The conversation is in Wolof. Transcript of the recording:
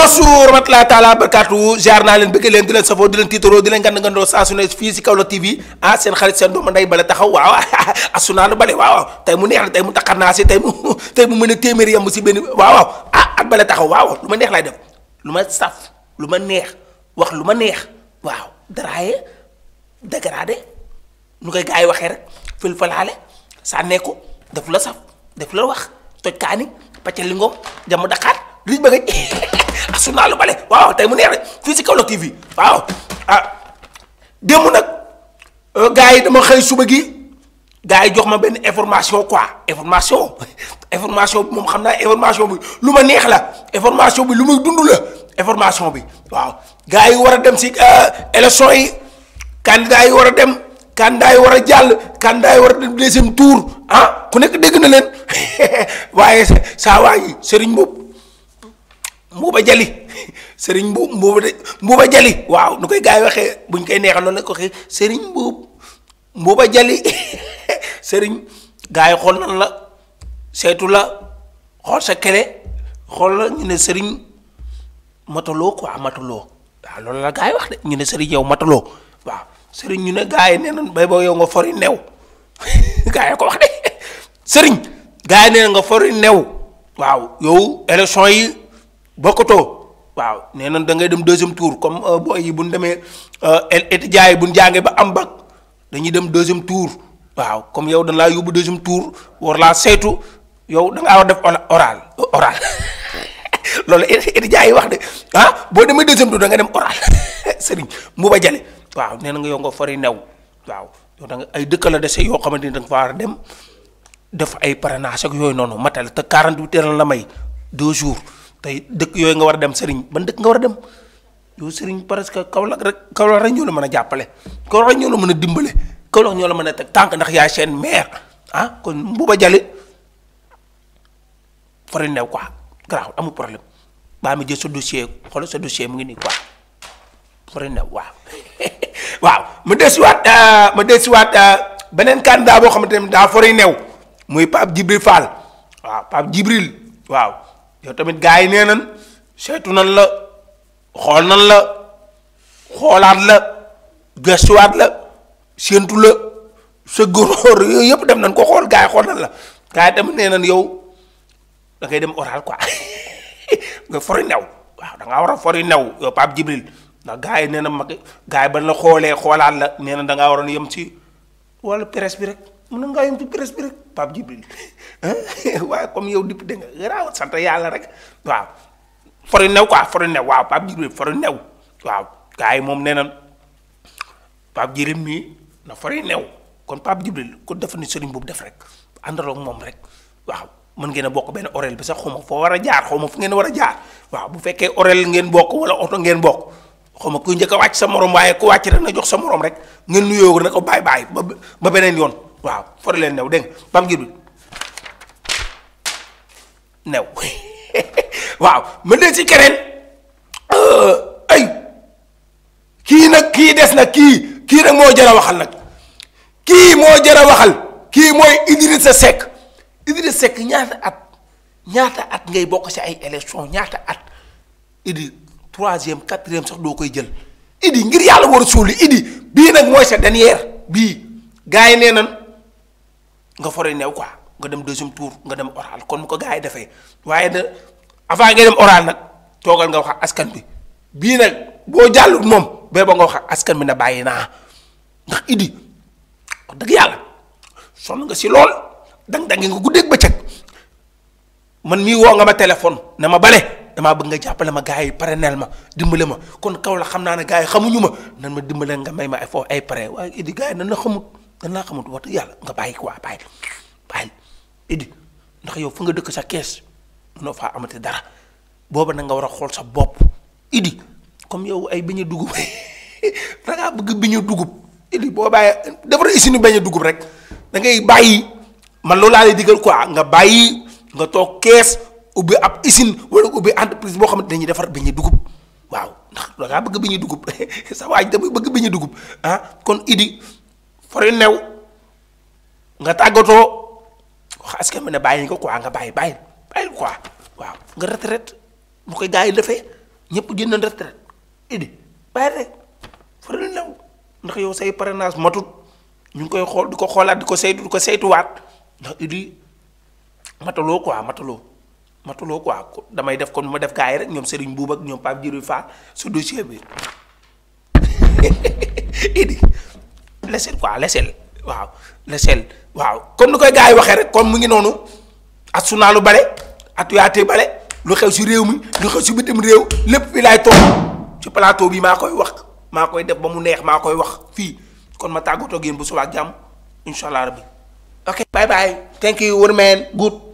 Bosu rahmatullahi taala barkaatu jaar naa leen bëgg leen di leen safoo di leen tiitaroo di leen ngand ngandoo saa su ne fii si Kaolack TV ah, seen xarit seen doomu nday bale taxaw waaw asunaanu bale waaw tey mu mu a téeméeri yemb ah, ma neex laay def lu ma saf lu ma neex wax lu ma neex waaw daraaye dégradé nu koy gars yi waxee rek fil falaale sànnee ko def la saf def la wax toj kaani paccal li ngoom jàmm daqaar liñ bëgg ah journalu bale waaw tey mu neex rek fii si waaw ah démb nag euh, gars yi dama xëy suba gi gars yi jox ma benn information quoi information information bi moom xam naa information bi lu ma neex la information bi lu muy dund la information bi waaw gars yi war a dem si euh, élection yi candidat yi war a dem candidat yi war a jàll candidat yi war a dem deuxième tour ah ku nekk dégg na leen waaye saa waay yi Serigne mbuuba jali sëriñ mbuub mbuuba jali waaw nu koy gars yi waxee buñ koy neexal loolu la ko waxee sëriñ mbuub mbuuba jali sëriñ gars yi xool nan la seetu la xool sa kele xool la sëriñ mataloo quoi mataloo waaw loolu wax de ñu ne sëriñ yow mataloo ñu ne gars yi nee nañ bay boo yow nga fori na nga new waaw yow élection yi bokkatoo waaw nee na da ngay dem deuxième tour comme euh, booy yi bu ñu demee étudiants bu ñu jàngee ba am bac dañuy dem deuxième tour waaw comme yow dañ laa yóbbu deuxième tour war laa saytu yow da ngaa war def oral oral loolu étudiants yi wax de ah boo demee deuxième tour da nga dem oral sëriñ mu ba jale waaw nee na nga yow nga fari new waaw yow da nga ay dëkk la dese yoo xamante ni da nga fa war a dem def ay parrainage yooyu noonu matal te 48 heures la may deux jours. tey dëkk yooyu nga war a dem sëriñ ban dëkk nga war a dem yow sëriñ presque Kaolack rek Kaolack rek ñoo la mën a jàppale Kaolack ñoo la mën a dimbale Kaolack ñoo la mën a teg tànk ndax yaay seen maire ah kon Mbuuba Jali fari new quoi garaawul amul problème baa mi mu ngi nii quoi fari new waaw waaw ma desiwaat euh, ma desiwaat euh, beneen candidat boo xamante ne daa fari new muy Pape Djibril Fall waaw Pape Djibril waaw yow tamit gaa yi nee nan seetu nan la xool nan la xoolaat la gëstuwaat la séentu la sa góor yooyu yëpp dem nan ko xool gars yi xool nan la gars yi tamit nee nan yow da dem dem oral quoi nga fori new waaw da ngaa war a fori new yow Pape Djibril ndax gaa yi nee na mag gaa yi ban la xoolee xoolaat la nee na da ngaa waroon yem ci wala presse bi rek mënoon na yem ci presse bi rek Pape Djibril waaye comme yow député nga garaaw sant yàlla rek waaw fori new quoi fori new waaw Pape Djibril fori new waaw gars yi moom nee na Pape Djibril mii na fori new kon Pape Djibril ko def ni sëriñ boobu def rek àndaloo moom rek waaw mën ngeen bokk benn orel bi sa xaw foo war a jaar xaw ma fu ngeen war a jaar waaw bu fekkee orel ngeen bokk wala oto ngeen bokk xaw ma kuy njëkk a wàcc sa morom waaye ku wàcc rek na jox sa morom rek nga nuyoo ko ne ko bàyyi bàyyi ba ba beneen yoon waaw fori leen new de nga bam ngir bi new waaw ma dee ci keneen eh, kii nag kii des nag kii kii nag moo jar a waxal nag kii moo jar a waxal kii mooy Idrissa Seck Idrissa Seck ñaata at ñaata at ngay bokk ci ay élection ñaata at Idrissa troisième quatrième sax doo koy jël idi ngir yàlla war a suuli bii nag mooy sa dernière bii gars yi nee nan nga fore neew ko nga dem deuxième tour nga dem oral kon mu ko gars defee waaye na avant nga dem oral nag toogal nga wax ak askan bi bii nag boo jàllul moom bee ba nga wax ak askan bi na bàyyi naa ndax idi wax yàlla sonn nga si lool dang dangi nga ba bëccëg man mii woo nga ma téléphone na ma bare damaa bëgg nga jàppale ma gaa yi parrainel ma dimbale ma kon kaw la xam naa ne gaa yi xamuñu ma nan ma dimbale nga may ma ay foofu ay parrain waaye Idi gars yi nan la xamut nan laa xamut wax yàlla nga bàyyi quoi bàyyi bàyyi Idi ndax yow fu nga dëkk sa kees mënoo faa amati dara booba na nga war a xool sa bopp Idi comme ay biñu dugub da ngaa bëgg biñu dugub Idi boo bàyyee defar rek da ngay bàyyi man loolu laa lay digal quoi nga bàyyi nga toog kees. ubbi ab usine wala ubbi entreprise boo xam ne dañuy defar bi ñi dugub waaw ndax da ngaa bëgg beñe dugub sa waaj damay bëgg beñe dugub ah kon Idi fari new nga tàggatoo wax askan bi ne bàyyi ko quoi nga bàyyi bàyyi bàyyi quoi waaw nga retraite bu koy gars yi defee ñëpp génn retraite Idi bàyyi rek fari new ndax yow say parrainage matut ñu ngi koy xool di ko xoolaat di ko saytu di ko seytuwaat ndax Idi mataloo quoi mataloo. matuloo quoi damay def kon ma def gars yi rek ñoom Serigne Boub ak ñoom Pape Djibril Fall su dossier bi idi lesel quoi lesel waaw lesel waaw comme ni koy gaa yi waxee rek kon mu ngi noonu ak lu bale ak yaate bale lu xew si réew mi lu xew si bitim réew lépp fi laay toog ci plateau bi maa koy wax maa koy def ba mu neex maa koy wax fii kon ma tàggatoo ak yéen bu subaa jàmm incha allah rabbi ok bye bye thank you wërmeen good